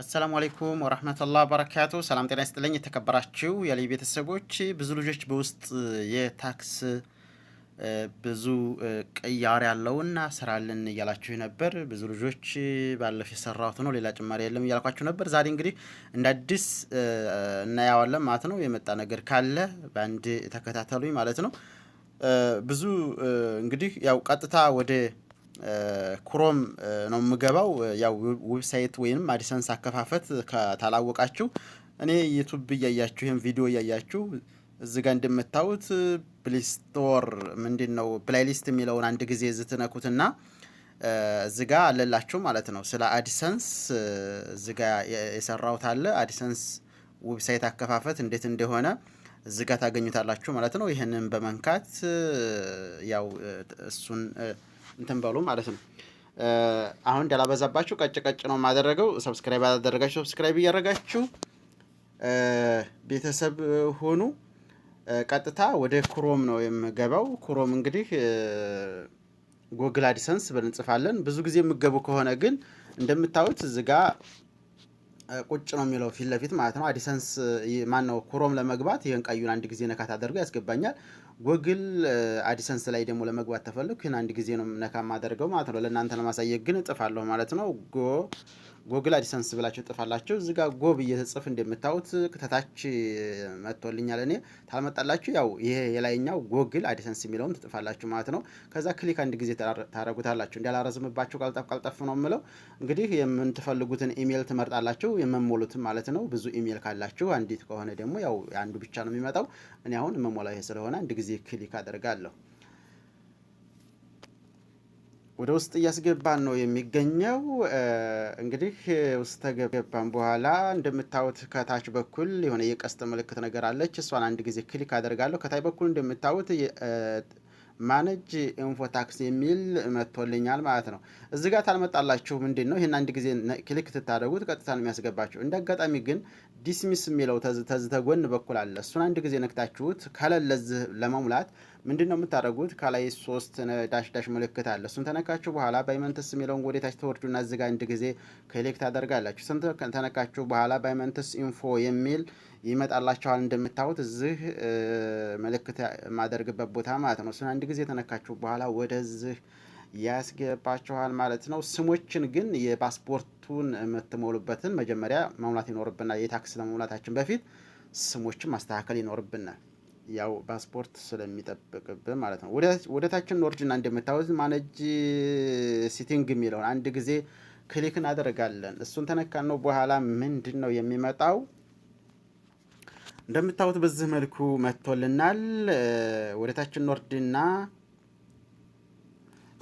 አሰላሙ አሌይኩም ወረህመቱላህ በረካቱ። ሰላም ጤና ይስጥልኝ። የተከበራችሁ የልዩ ቤተሰቦች ብዙ ልጆች በውስጥ የታክስ ብዙ ቅያር ያለውና ስራልን እያላችሁ ነበር። ብዙ ልጆች ባለፈው የሰራሁት ነው ሌላ ጭማሪ የለም እያልኳችሁ ነበር። ዛሬ እንግዲህ እንደ አዲስ እናየዋለን ማለት ነው። የመጣ ነገር ካለ በአንድ ተከታተሉኝ ማለት ነው። ብዙ እንግዲህ ያው ቀጥታ ወደ ክሮም ነው የምገባው። ያው ዌብሳይት ወይም አዲሰንስ አከፋፈት ከታላወቃችሁ እኔ ዩቱብ እያያችሁ ይህም ቪዲዮ እያያችሁ እዚ ጋ እንደምታዩት ፕሌስቶር ምንድን ነው ፕላይሊስት የሚለውን አንድ ጊዜ ዝትነኩትና እዚ ጋ አለላችሁ ማለት ነው። ስለ አዲሰንስ እዚ ጋ የሰራሁት አለ። አዲሰንስ ዌብሳይት አከፋፈት እንዴት እንደሆነ እዚ ጋ ታገኙታላችሁ ማለት ነው። ይህንን በመንካት ያው እሱን እንትን በሉ ማለት ነው። አሁን እንዳላበዛባችሁ ቀጭ ቀጭ ነው የማደረገው። ሰብስክራይብ አላደረጋችሁ ሰብስክራይብ እያደረጋችሁ ቤተሰብ ሆኑ። ቀጥታ ወደ ክሮም ነው የምገባው። ክሮም እንግዲህ ጎግል አዲሰንስ ብለን እንጽፋለን። ብዙ ጊዜ የምገቡ ከሆነ ግን እንደምታዩት እዚህ ቁጭ ነው የሚለው ፊት ለፊት ማለት ነው። አዲሰንስ ማን ነው ክሮም ለመግባት ይህን ቀዩን አንድ ጊዜ ነካ አደርገው ያስገባኛል። ጉግል አዲሰንስ ላይ ደግሞ ለመግባት ተፈልግ ይህን አንድ ጊዜ ነው ነካ ማደርገው ማለት ነው። ለእናንተ ለማሳየት ግን እጥፋለሁ ማለት ነው ጎ ጎግል አዲሰንስ ብላችሁ ትጥፋላችሁ። እዚ ጋር ጎብ እየተጽፍ እንደምታዩት ከታች መጥቶልኛል። እኔ ታልመጣላችሁ ያው ይሄ የላይኛው ጎግል አዲሰንስ የሚለውን ትጥፋላችሁ ማለት ነው። ከዛ ክሊክ አንድ ጊዜ ታደረጉታላችሁ። እንዳላረዝምባችሁ ቀልጠፍ ቀልጠፍ ነው የምለው። እንግዲህ የምትፈልጉትን ኢሜይል ትመርጣላችሁ፣ የመሞሉትን ማለት ነው። ብዙ ኢሜይል ካላችሁ አንዲት ከሆነ ደግሞ ያው አንዱ ብቻ ነው የሚመጣው። እኔ አሁን መሞላ ይሄ ስለሆነ አንድ ጊዜ ክሊክ አደርጋለሁ። ወደ ውስጥ እያስገባን ነው የሚገኘው። እንግዲህ ውስጥ ተገባን በኋላ እንደምታዩት ከታች በኩል የሆነ የቀስት ምልክት ነገር አለች። እሷን አንድ ጊዜ ክሊክ አደርጋለሁ። ከታች በኩል እንደምታዩት ማነጅ ኢንፎታክስ የሚል መጥቶልኛል ማለት ነው። እዚህ ጋር ታልመጣላችሁ ምንድን ነው? ይህን አንድ ጊዜ ክሊክ ትታደጉት ቀጥታ ነው የሚያስገባችሁ። እንደ አጋጣሚ ግን ዲስሚስ የሚለው ተዝተ ጎን በኩል አለ። እሱን አንድ ጊዜ ነክታችሁት ካለለዝህ ለመሙላት ምንድን ነው የምታደርጉት? ከላይ ሶስት ዳሽ ዳሽ ምልክት አለ። እሱን ተነካችሁ በኋላ ባይመንተስ የሚለውን ወደታች ተወርዱና እዚጋ አንድ ጊዜ ክሊክ ታደርጋላችሁ። እሱን ተነካችሁ በኋላ ባይመንተስ ኢንፎ የሚል ይመጣላችኋል። እንደምታዩት እዚህ ምልክት የማደርግበት ቦታ ማለት ነው። እሱን አንድ ጊዜ ተነካችሁ በኋላ ወደዚህ ያስገባችኋል ማለት ነው። ስሞችን ግን የፓስፖርቱን የምትሞሉበትን መጀመሪያ መሙላት ይኖርብናል። የታክስ ለመሙላታችን በፊት ስሞችን ማስተካከል ይኖርብናል። ያው ፓስፖርት ስለሚጠብቅብን ማለት ነው። ወደታችን ኖርጅና እንደምታወዝ ማነጅ ሲቲንግ የሚለውን አንድ ጊዜ ክሊክ እናደርጋለን። እሱን ተነካን ነው በኋላ ምንድን ነው የሚመጣው? እንደምታዩት በዚህ መልኩ መጥቶልናል። ወደታችን ኖርድና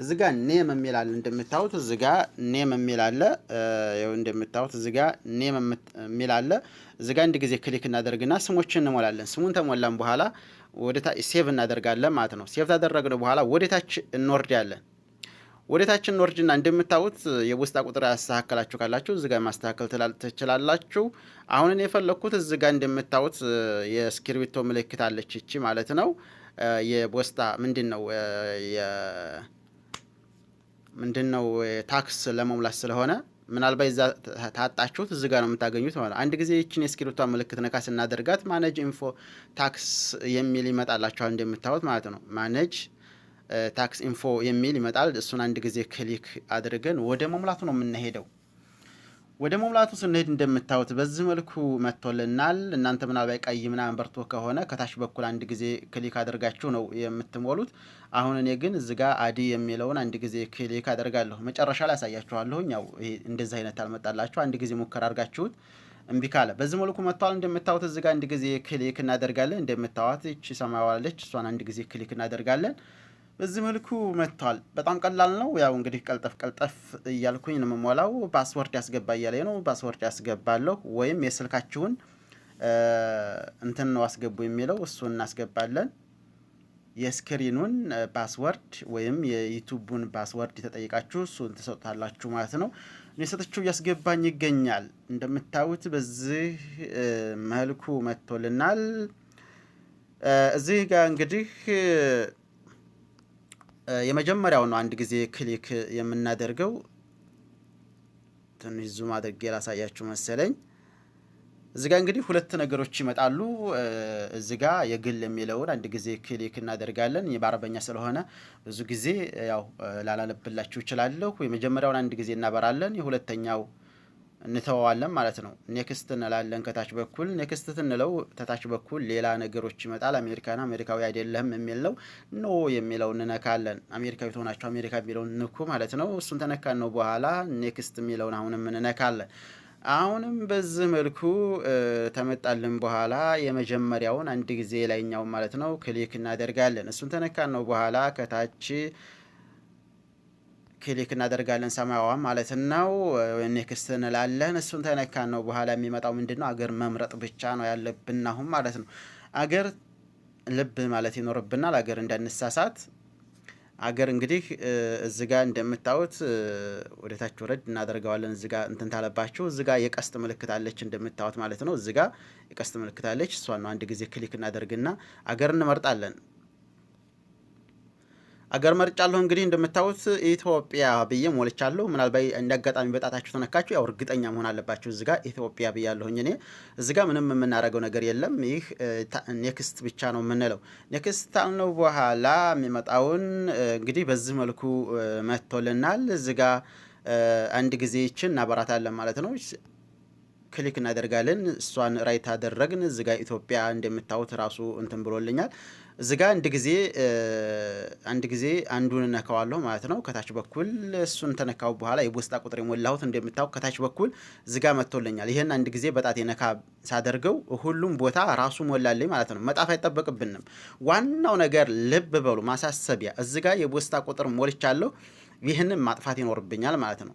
እዚ ጋ ኔም የሚል አለ እንደምታዩት፣ እዚህ ኔም የሚል አለ ይኸው እንደምታዩት፣ እዚህ ኔም የሚል አለ። እዚህ ጋር አንድ ጊዜ ክሊክ እናደርግና ስሞችን እንሞላለን። ስሙን ተሞላን በኋላ ወደታ ሴቭ እናደርጋለን ማለት ነው። ሴቭ ታደረግነው በኋላ ወደታች ታች እንወርዳለን። ወደታች እንወርድና እንደምታዩት የውስጣ ቁጥር ያስተካከላችሁ ካላችሁ እዚህ ማስተካከል ትችላላችሁ። አሁንን የፈለግኩት እዚ ጋ እንደምታዩት የእስክሪብቶ ምልክት አለች ይቺ ማለት ነው። የቦስጣ ምንድን ነው ምንድን ነው ታክስ ለመሙላት ስለሆነ ምናልባት እዛ ታጣችሁት እዚ ጋር ነው የምታገኙት ማለት አንድ ጊዜ ይችን የእስክሪብቷ ምልክት ነካ ስናደርጋት ማነጅ ኢንፎ ታክስ የሚል ይመጣላችኋል እንደምታዩት ማለት ነው። ማነጅ ታክስ ኢንፎ የሚል ይመጣል። እሱን አንድ ጊዜ ክሊክ አድርገን ወደ መሙላቱ ነው የምንሄደው። ወደ መሙላቱ ስንሄድ እንደምታዩት በዚህ መልኩ መጥቶልናል። እናንተ ምናልባት ቀይ ምናምን በርቶ ከሆነ ከታች በኩል አንድ ጊዜ ክሊክ አድርጋችሁ ነው የምትሞሉት። አሁን እኔ ግን እዚ ጋር አዲ የሚለውን አንድ ጊዜ ክሊክ አደርጋለሁ። መጨረሻ ላይ ያሳያችኋለሁኝ። ያው ይሄ እንደዚህ አይነት አልመጣላችሁ አንድ ጊዜ ሙከራ አድርጋችሁት እምቢ ካለ በዚህ መልኩ መጥቷል። እንደምታዩት እዚ ጋር አንድ ጊዜ ክሊክ እናደርጋለን። እንደምታዋት ይቺ ሰማያዊ እሷን አንድ ጊዜ ክሊክ እናደርጋለን። በዚህ መልኩ መጥቷል። በጣም ቀላል ነው። ያው እንግዲህ ቀልጠፍ ቀልጠፍ እያልኩኝ ነው የምሞላው። ፓስወርድ ያስገባ እያለ ነው። ፓስወርድ ያስገባለሁ ወይም የስልካችሁን እንትን ነው አስገቡ የሚለው እሱን እናስገባለን። የስክሪኑን ፓስወርድ ወይም የዩቱቡን ፓስወርድ ተጠይቃችሁ እሱን ትሰጡታላችሁ ማለት ነው። እኔ ሰጥቼው እያስገባኝ ይገኛል። እንደምታዩት በዚህ መልኩ መጥቶልናል። እዚህ ጋር እንግዲህ የመጀመሪያው ነው። አንድ ጊዜ ክሊክ የምናደርገው ትንሽ ዙም አድርጌ ላሳያችሁ መሰለኝ። እዚ ጋ እንግዲህ ሁለት ነገሮች ይመጣሉ። እዚ ጋ የግል የሚለውን አንድ ጊዜ ክሊክ እናደርጋለን። በአረበኛ ስለሆነ ብዙ ጊዜ ያው ላላነብላችሁ ይችላለሁ የመጀመሪያውን አንድ ጊዜ እናበራለን። የሁለተኛው እንተዋዋለን ማለት ነው። ኔክስት እንላለን ከታች በኩል ኔክስት ትንለው ከታች በኩል ሌላ ነገሮች ይመጣል። አሜሪካን አሜሪካዊ አይደለህም የሚል ነው። ኖ የሚለው እንነካለን። አሜሪካዊ ትሆናቸው አሜሪካ የሚለውን ንኩ ማለት ነው። እሱን ተነካን ነው በኋላ ኔክስት የሚለውን አሁንም እንነካለን። አሁንም በዚህ መልኩ ተመጣልን በኋላ የመጀመሪያውን አንድ ጊዜ ላይኛው ማለት ነው ክሊክ እናደርጋለን። እሱን ተነካን ነው በኋላ ከታች ክሊክ እናደርጋለን ሰማያዋ ማለት ነው። ኔክስት እንላለን። እሱን ተነካን ነው በኋላ የሚመጣው ምንድን ነው? አገር መምረጥ ብቻ ነው ያለብን አሁን ማለት ነው። አገር ልብ ማለት ይኖርብናል። አገር እንዳንሳሳት። አገር እንግዲህ እዚጋ እንደምታዩት ወደታች ወረድ እናደርገዋለን። እዚጋ እንትን ታለባችሁ። ጋ የቀስት ምልክት አለች እንደምታዩት ማለት ነው። ጋ የቀስት ምልክት አለች። እሷ ነው አንድ ጊዜ ክሊክ እናደርግና አገር እንመርጣለን። አገር መርጫለሁ። እንግዲህ እንደምታዩት ኢትዮጵያ ብዬ ሞልቻለሁ። ምናልባት አጋጣሚ በጣታችሁ ተነካችሁ፣ ያው እርግጠኛ መሆን አለባችሁ። እዚጋ ኢትዮጵያ ብያለሁኝ እኔ። እዚጋ ምንም የምናደርገው ነገር የለም። ይህ ኔክስት ብቻ ነው የምንለው። ኔክስት ካልነው በኋላ የሚመጣውን እንግዲህ በዚህ መልኩ መጥቶልናል። እዚጋ አንድ ጊዜ ይችን እናበራታለን ማለት ነው። ክሊክ እናደርጋለን። እሷን ራይት አደረግን። እዚጋ ኢትዮጵያ እንደምታዩት ራሱ እንትን ብሎልኛል። እዚ ጋር አንድ ጊዜ አንድ ጊዜ አንዱን እነካዋለሁ ማለት ነው። ከታች በኩል እሱን ተነካው በኋላ የቦስጣ ቁጥር የሞላሁት እንደምታውቅ ከታች በኩል እዚ ጋር መጥቶልኛል። ይህን አንድ ጊዜ በጣት የነካ ሳደርገው ሁሉም ቦታ ራሱ ሞላልኝ ማለት ነው። መጣፍ አይጠበቅብንም። ዋናው ነገር ልብ በሉ፣ ማሳሰቢያ እዚ ጋር የቦስጣ ቁጥር ሞልቻለሁ። ይህንም ማጥፋት ይኖርብኛል ማለት ነው።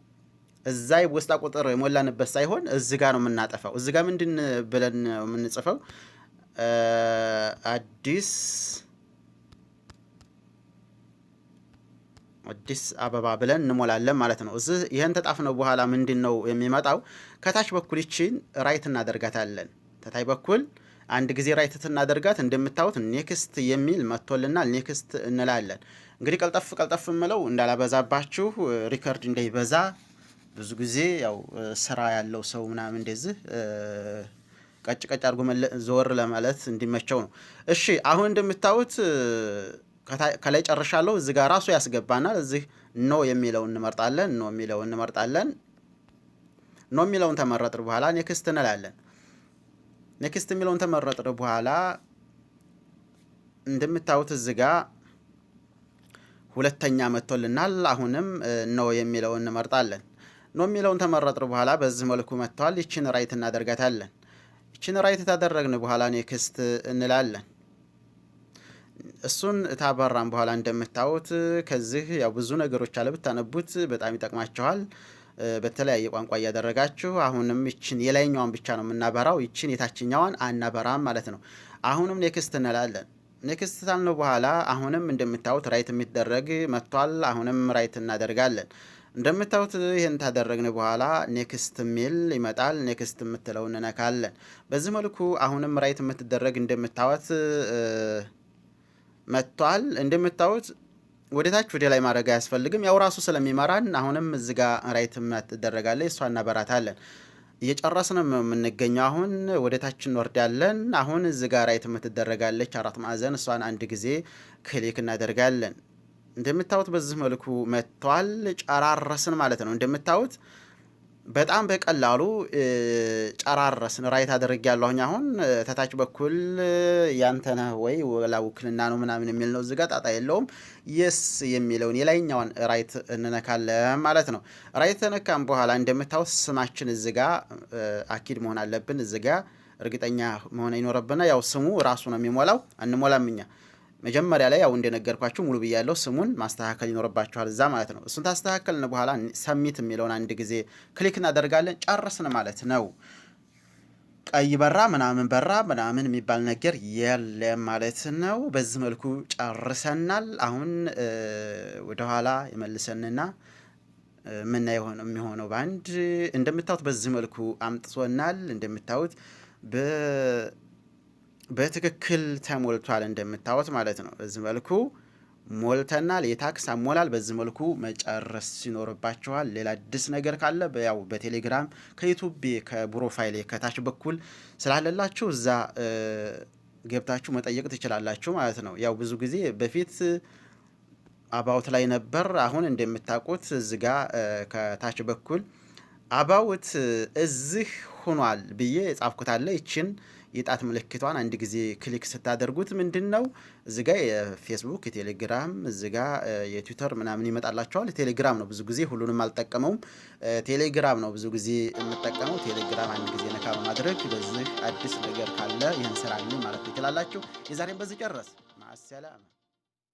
እዛ የቦስጣ ቁጥር የሞላንበት ሳይሆን እዚ ጋር ነው የምናጠፋው። እዚ ጋር ምንድን ብለን የምንጽፈው Eh, አዲስ አዲስ አበባ ብለን እንሞላለን ማለት ነው። እዚህ ይህን ተጣፍነው በኋላ ምንድን ነው የሚመጣው? ከታች በኩል ይችን ራይት እናደርጋታለን። ተታይ በኩል አንድ ጊዜ ራይት እናደርጋት። እንደምታዩት ኔክስት የሚል መጥቶልናል። ኔክስት እንላለን። እንግዲህ ቀልጠፍ ቀልጠፍ የምለው እንዳላበዛባችሁ ሪከርድ እንዳይበዛ ብዙ ጊዜ ያው ስራ ያለው ሰው ምናምን እንደዚህ ቀጭ ቀጭ አድርጎ ዘወር ለማለት እንዲመቸው ነው። እሺ አሁን እንደምታዩት ከላይ ጨርሻለሁ። እዚህ ጋር ራሱ ያስገባናል። እዚህ ኖ የሚለው እንመርጣለን። ኖ የሚለው እንመርጣለን። ኖ የሚለውን ተመረጥር በኋላ ኔክስት እንላለን። ኔክስት የሚለውን ተመረጥር በኋላ እንደምታዩት እዚህ ጋር ሁለተኛ መጥቶልናል። አሁንም ኖ የሚለውን እንመርጣለን። ኖ የሚለውን ተመረጥር በኋላ በዚህ መልኩ መጥተዋል። ይችን ራይት እናደርጋታለን። ይችን ራይት ታደረግን በኋላ ኔክስት እንላለን። እሱን ታበራን በኋላ እንደምታዩት ከዚህ ያው ብዙ ነገሮች አለ ብታነቡት በጣም ይጠቅማችኋል። በተለያየ ቋንቋ እያደረጋችሁ አሁንም ይችን የላይኛዋን ብቻ ነው የምናበራው። ይችን የታችኛዋን አናበራም ማለት ነው። አሁንም ኔክስት እንላለን። ኔክስት ታልነው በኋላ አሁንም እንደምታዩት ራይት የሚደረግ መጥቷል። አሁንም ራይት እናደርጋለን። እንደምታዩት ይህን ታደረግን በኋላ ኔክስት ሚል ይመጣል። ኔክስት የምትለው እንነካለን። በዚህ መልኩ አሁንም ራይት የምትደረግ እንደምታወት መጥቷል። እንደምታዩት ወደታች ወደ ላይ ማድረግ አያስፈልግም። ያው ራሱ ስለሚመራን አሁንም እዚ ጋ ራይት ትደረጋለ እሷ እናበራታለን። እየጨረስን የምንገኘው። አሁን ወደታች እንወርዳለን። አሁን እዚ ጋ ራይት የምትደረጋለች አራት ማዕዘን፣ እሷን አንድ ጊዜ ክሊክ እናደርጋለን። እንደምታዩት በዚህ መልኩ መጥቷል። ጨራረስን ማለት ነው። እንደምታዩት በጣም በቀላሉ ጨራረስን። ራይት አድርግ ያለሁኝ አሁን ተታች በኩል ያንተ ነህ ወይ ወላ ውክልና ነው ምናምን የሚል ነው። እዚጋ ጣጣ የለውም። የስ የሚለውን የላይኛውን ራይት እንነካለን ማለት ነው። ራይት ተነካም በኋላ እንደምታዩት ስማችን እዚጋ አኪድ መሆን አለብን። እዚጋ እርግጠኛ መሆን ይኖረብና ያው ስሙ ራሱ ነው የሚሞላው፣ አንሞላም እኛ መጀመሪያ ላይ ያው እንደነገርኳችሁ ሙሉ ብያለው። ስሙን ማስተካከል ይኖርባችኋል እዛ ማለት ነው። እሱን ታስተካከልን በኋላ ሰሚት የሚለውን አንድ ጊዜ ክሊክ እናደርጋለን። ጨርስን ማለት ነው። ቀይ በራ ምናምን በራ ምናምን የሚባል ነገር የለም ማለት ነው። በዚህ መልኩ ጨርሰናል። አሁን ወደኋላ የመልሰንና የሆነ የሚሆነው በአንድ እንደምታዩት በዚህ መልኩ አምጥቶናል። እንደምታዩት በትክክል ተሞልቷል እንደምታዩት ማለት ነው። በዚህ መልኩ ሞልተናል። የታክስ አሞላል በዚህ መልኩ መጨረስ ይኖርባችኋል። ሌላ አዲስ ነገር ካለ ያው በቴሌግራም ከዩቱብ ከፕሮፋይል ከታች በኩል ስላለላችሁ እዛ ገብታችሁ መጠየቅ ትችላላችሁ ማለት ነው። ያው ብዙ ጊዜ በፊት አባውት ላይ ነበር። አሁን እንደምታውቁት እዚህ ከታች በኩል አባውት እዚህ ሆኗል ብዬ ጻፍኩታለ ይችን የጣት ምልክቷን አንድ ጊዜ ክሊክ ስታደርጉት ምንድን ነው እዚህ ጋ የፌስቡክ የቴሌግራም እዚጋ ጋ የትዊተር ምናምን ይመጣላቸዋል። ቴሌግራም ነው ብዙ ጊዜ ሁሉንም አልጠቀመውም። ቴሌግራም ነው ብዙ ጊዜ የምጠቀመው። ቴሌግራም አንድ ጊዜ ነካ በማድረግ በዚህ አዲስ ነገር ካለ ይህን ስራ ማለት ትችላላችሁ። የዛሬን በዚህ ጨረስ ማሰላም